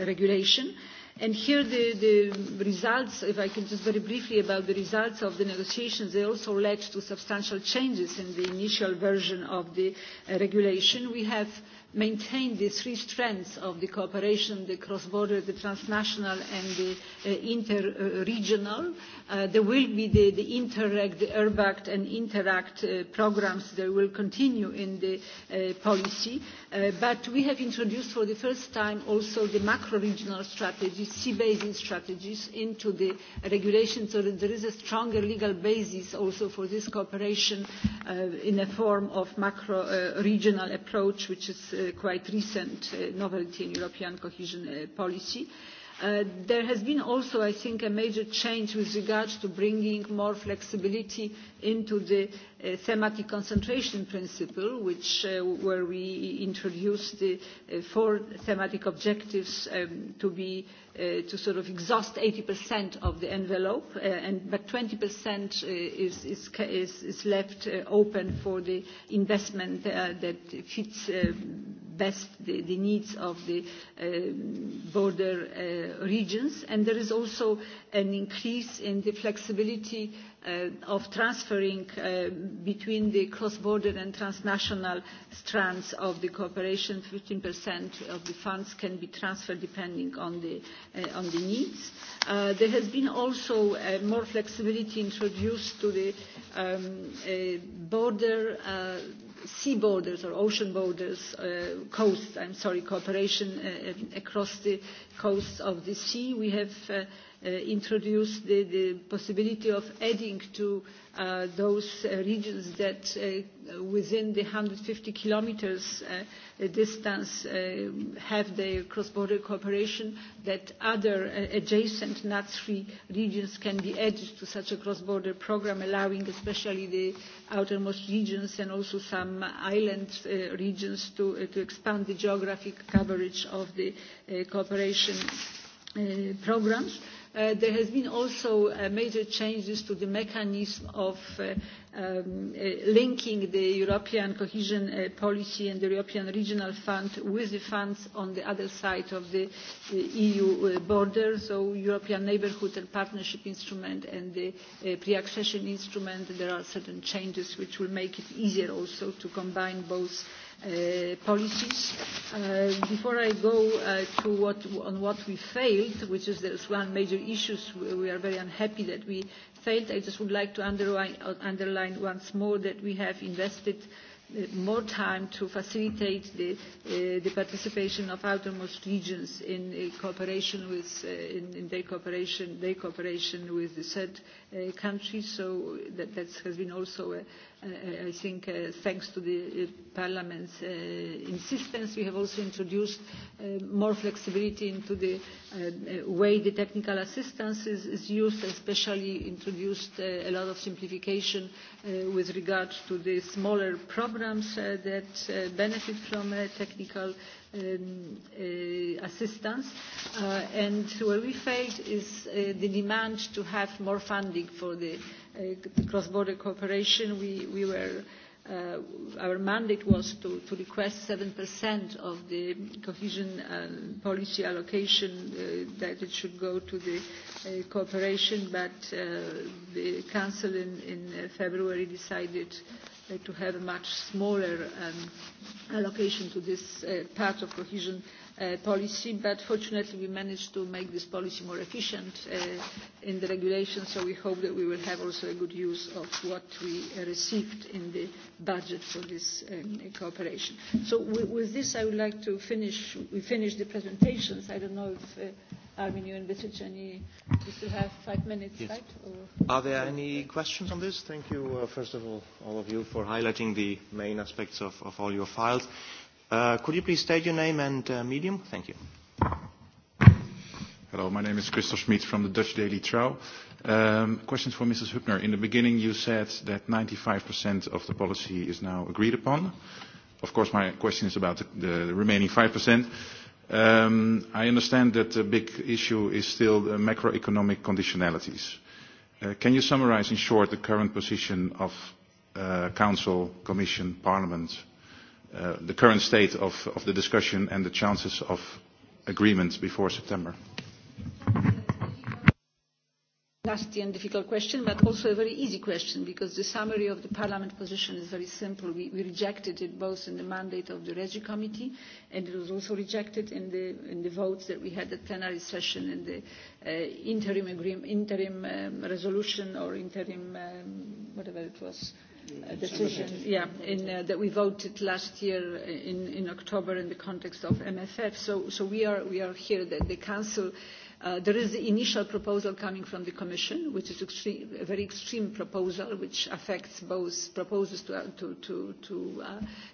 S2: regulation. And here the, the results, if I can just very briefly about the results of the negotiations, they also led to substantial changes in the initial version of the uh, regulation. We have maintained the three strengths of the cooperation, the cross-border, the transnational and the uh, inter-regional. Uh, uh, there will be the, the Interreg, the Urbact, and Interact uh, programs that will continue in the uh, policy. Uh, but we have introduced for the first time also the macro-regional strategies, sea-basin strategies into the regulation so that there is a stronger legal basis also for this cooperation uh, in a form of macro-regional approach, which is uh, quite recent uh, novelty in European cohesion policy. Uh, Uh, there has been also, I think, a major change with regards to bringing more flexibility into the uh, thematic concentration principle, which, uh, where we introduced the uh, four thematic objectives um, to be uh, to sort of exhaust 80% of the envelope, and, but 20% is, is, is left open for the investment that fits um, best the, the needs of the uh, border uh, regions. And there is also an increase in the flexibility uh, of transferring uh, between the cross-border and transnational strands of the cooperation. 15% of the funds can be transferred depending on the, uh, on the needs. Uh, there has been also uh, more flexibility introduced to the um, uh, border uh, sea borders or ocean borders, uh, coasts, I'm sorry, cooperation uh, um, across the coasts of the sea. We have uh, uh, introduce the, the possibility of adding to uh, those uh, regions that uh, within the 150 kilometers uh, distance uh, have their cross-border cooperation, that other uh, adjacent NAT3 regions can be added to such a cross-border program, allowing especially the outermost regions and also some island uh, regions to, uh, to expand the geographic coverage of the uh, cooperation uh, programs. Uh, there has been also uh, major changes to the mechanism of uh, um, linking the European cohesion policy and the European regional fund with the funds on the other side of the, the EU border, so European neighbourhood and partnership instrument and the pre-accession instrument. There are certain changes which will make it easier also to combine both Uh, policies. Uh, before I go uh, to what, on what we failed, which is there's one major issue, we are very unhappy that we failed. I just would like to underline, uh, underline once more that we have invested uh, more time to facilitate the, uh, the participation of outermost regions in uh, cooperation with uh, in, in their cooperation their cooperation with the said uh, countries so that that has been also a, I think uh, thanks to the uh, Parliament's uh, insistence, we have also introduced uh, more flexibility into the uh, uh, way the technical assistance is, is used, especially introduced a lot of simplification with regard to the smaller programs that benefit from technical Um, uh, assistance. Uh, and where we failed is uh, the demand to have more funding for the the uh, cross-border cooperation, we, we were Uh, our mandate was to, to request 7% of the cohesion uh, policy allocation uh, that it should go to the uh, cooperation, but uh, the Council in, in uh, February decided to have a much smaller um, allocation to this uh, part of cohesion uh, Uh, policy, but fortunately we managed to make this policy more efficient uh, in the regulation, so we hope that we will have also a good use of what we received in the budget for this um, cooperation. So with, with this I would like to finish, we finish the presentations. I don't know if uh, Armin, you and Besic, you still have five minutes, yes. right? Or
S6: Are there any questions on this? Thank you, uh, first of all, all of
S1: you, for highlighting the main aspects of, of all your files. Uh, could you please state your name
S6: and uh, medium? Thank you. Hello, my name is Christoph Schmid from the Dutch Daily Trouw. Um, question for Mrs. Hübner. In the beginning, you said that 95% of the policy is now agreed upon. Of course, my question is about the, the remaining 5%. Um, I understand that the big issue is still the macroeconomic conditionalities. Uh, can you summarize in short the current position of uh, Council, Commission, Parliament, Uh, the current state of, of the discussion and the chances of agreement before September.
S2: Nasty and difficult question, but also a very easy question, because the summary of the Parliament position is very simple. We, we rejected it both in the mandate of the Regi Committee, and it was also rejected in the, in the votes that we had at plenary session in the uh, interim, agreement, interim um, resolution or interim um, whatever it was, uh, decision yeah, uh, that we voted last year in, in October in the context of MFF. So, so we, are, we are here that the Council, uh, there is the initial proposal coming from the Commission, which is a very extreme proposal, which affects both proposals uh, to, to, to, to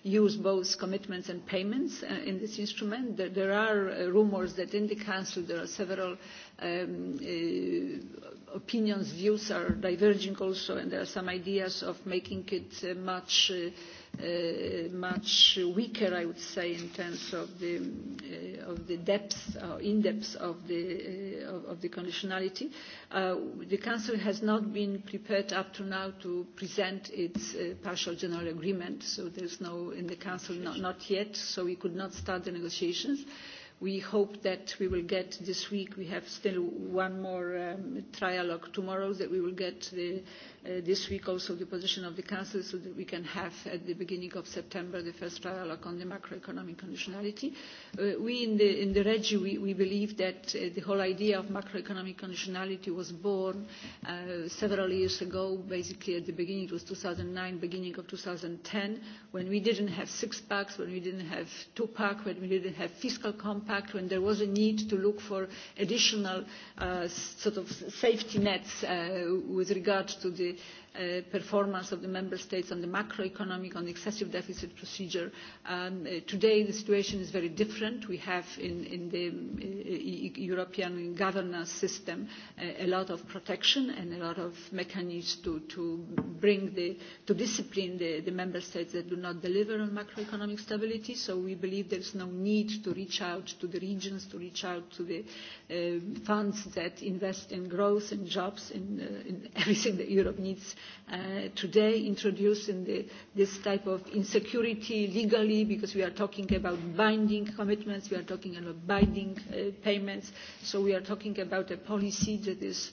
S2: use both commitments and payments in this instrument. There, are rumours rumors that in the Council there are several um, opinions, views are diverging also, and there are some ideas of making it uh, much, uh, uh, much weaker, I would say, in terms of the, uh, of the depth or uh, in-depth of the, uh, of, of the conditionality. Uh, the Council has not been prepared up to now to present its uh, partial general agreement, so there's no, in the Council, not, not yet, so we could not start the negotiations. Uh, We hope that we will get this week, we have still one more um, trialogue tomorrow, that we will get the, uh, this week also the position of the Council so that we can have at the beginning of September the first trialogue on the macroeconomic conditionality. Uh, we in the, in the Regi, we, we believe that uh, the whole idea of macroeconomic conditionality was born uh, several years ago, basically at the beginning, it was 2009, beginning of 2010, when we didn't have six packs, when we didn't have two pack, when we didn't have fiscal compact, impact when there was a need to look for additional uh, sort of safety nets uh, with regard to the Uh, performance of the member states on the macroeconomic, on the excessive deficit procedure. Um, uh, today the situation is very different. We have in, in the uh, European governance system uh, a lot of protection and a lot of mechanisms to, to bring the, to discipline the, the member states that do not deliver on macroeconomic stability. So we believe there is no need to reach out to the regions, to reach out to the uh, funds that invest in growth and jobs in, uh, in everything that Europe needs uh, today introduced in the, this type of insecurity legally because we are talking about binding commitments, we are talking about binding uh, payments, so we are talking about a policy that is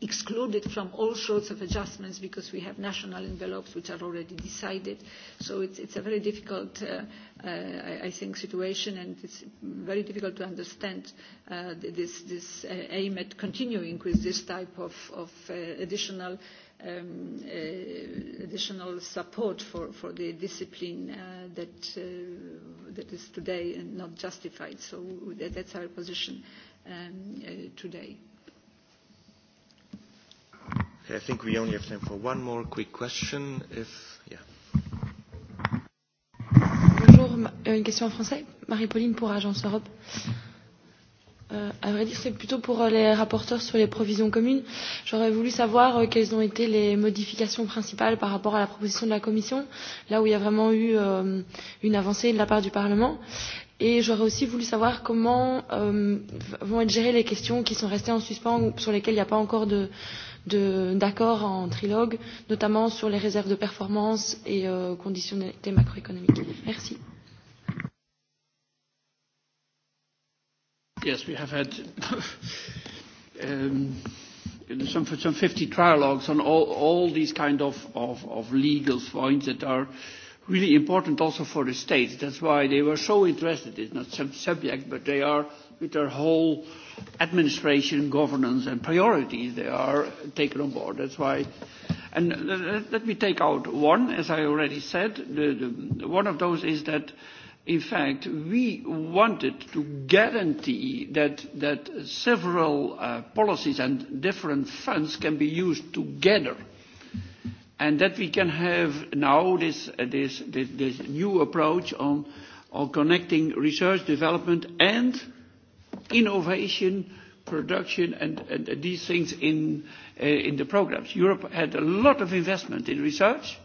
S2: excluded from all sorts of adjustments because we have national envelopes which are already decided. So it's, it's a very difficult, uh, uh, I, I think, situation, and it's very difficult to understand uh, this, this uh, aim at continuing with this type of, of uh, additional uh, Um, uh, additional support for, for the discipline uh, that, uh, that is today not justified. So that's our position um, uh, today.
S5: I think we only have time for one more quick question. If, yeah.
S2: Bonjour, euh, une question en français. Marie-Pauline pour Agence Europe. Euh, Euh, à vrai dire, c'est plutôt pour euh, les rapporteurs sur les provisions communes. J'aurais voulu savoir euh, quelles ont été les modifications principales par rapport à la proposition de la Commission, là où il y a vraiment eu euh, une avancée de la part du Parlement. Et j'aurais aussi voulu savoir comment euh, vont être gérées les questions qui sont restées en suspens ou sur lesquelles il n'y a pas encore de, d'accord en trilogue, notamment sur les réserves de performance et euh, conditionnalité macroéconomique. Merci.
S3: Yes, we have had um, some, some 50 trialogues on all, all these kind of, of, of legal points that are really important also for the states. That's why they were so interested. It's not some subject, but they are with their whole administration, governance and priorities, they are taken on board. That's why. And let, let me take out one, as I already said. The, the, one of those is that in fact, we wanted to guarantee that, that several uh, policies and different funds can be used together and that we can have now this, uh, this, this, this new approach on, on connecting research, development and innovation, production and, and, these things in, uh, in the programs. Europe had a lot of investment in research,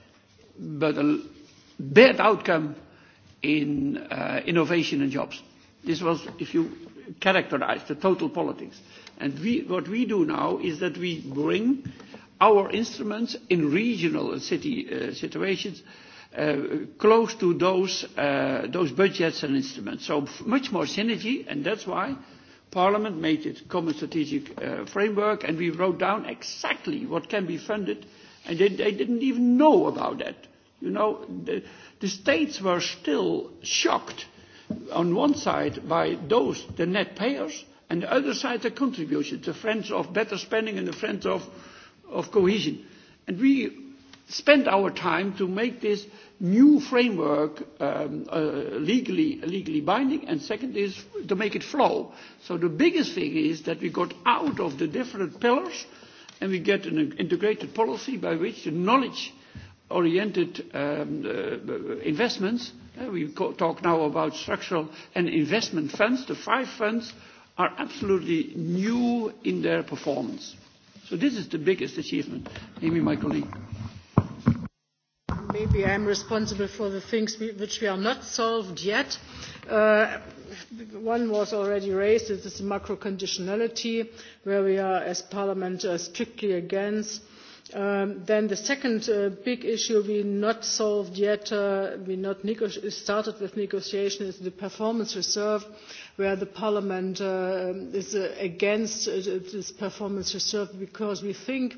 S3: but a bad outcome in uh, innovation and jobs. This was, if you characterize the total politics. And we, what we do now is that we bring our instruments in regional and city uh, situations Uh, close to those, uh, those budgets and instruments. So much more synergy, and that's why Parliament made it common strategic uh, framework, and we wrote down exactly what can be funded, and they, they didn't even know about that. You know, the, the states were still shocked on one side by those, the net payers, and the other side, the contribution, the friends of better spending and the friends of, of cohesion. And we spent our time to make this new framework um, uh, legally, legally binding, and second is to make it flow. So the biggest thing is that we got out of the different pillars and we get an integrated policy by which the knowledge oriented um, uh, investments. Uh, we talk now about structural and investment funds. The five funds are absolutely new in their performance. So this is the biggest achievement. Amy, my colleague.
S4: Maybe I'm responsible for the things we, which we are not solved yet. Uh, one was already raised. This is macro conditionality, where we are, as Parliament, uh, strictly against. Um, then the second uh, big issue we not solved yet, uh, we not started with negotiation, is the performance reserve, where the parliament uh, is against uh, this performance reserve because we think uh,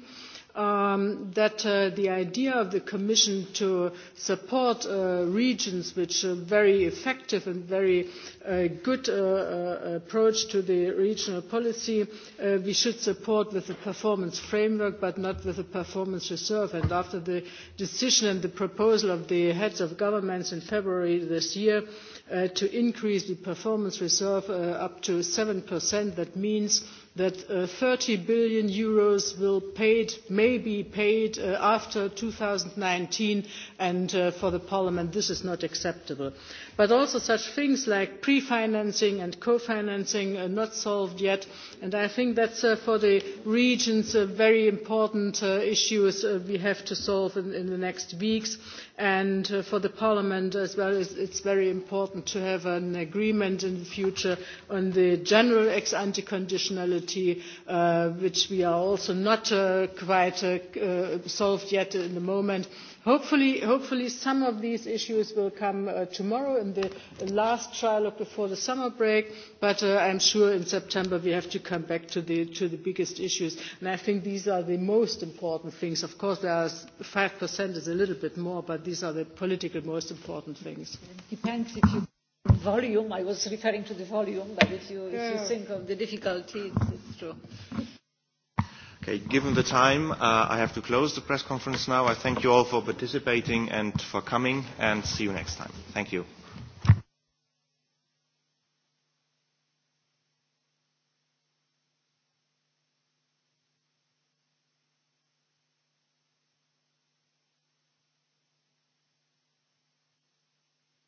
S4: um, that uh, the idea of the Commission to support uh, regions which are very effective and very uh, good uh, uh, approach to the regional policy, uh, we should support with a performance framework but not with a performance reserve. And after the decision and the proposal of the heads of governments in February this year, to increase the performance reserve up to 7%. That means that eur uh, 30 billion euros will paid, may be paid uh, after after 2019, and and uh, for the Parliament this is not acceptable. But also such things like pre-financing and co-financing are not solved yet, and I think that's for the regions a very important issues issue we have to solve in, in the next weeks and uh, for parliament as well it is very important to have an agreement in the future on the general ex ante conditionality uh, which we are also not uh, quite solved yet at the moment Hopefully, some of these issues will come uh, tomorrow in the last trilogue before the summer break, but i uh, I'm sure in September we have to come back to the, biggest issues. And I think these are the most important things. Of course, there are 5% is a little bit more, but these are the political most important things.
S2: It depends if you volume, I was referring to the volume, but if you, if you think of the difficulty, it it's true.
S1: Okay, given the time, uh, I have to close the press conference now. I thank you all for participating and for coming, and see you next time. Thank you.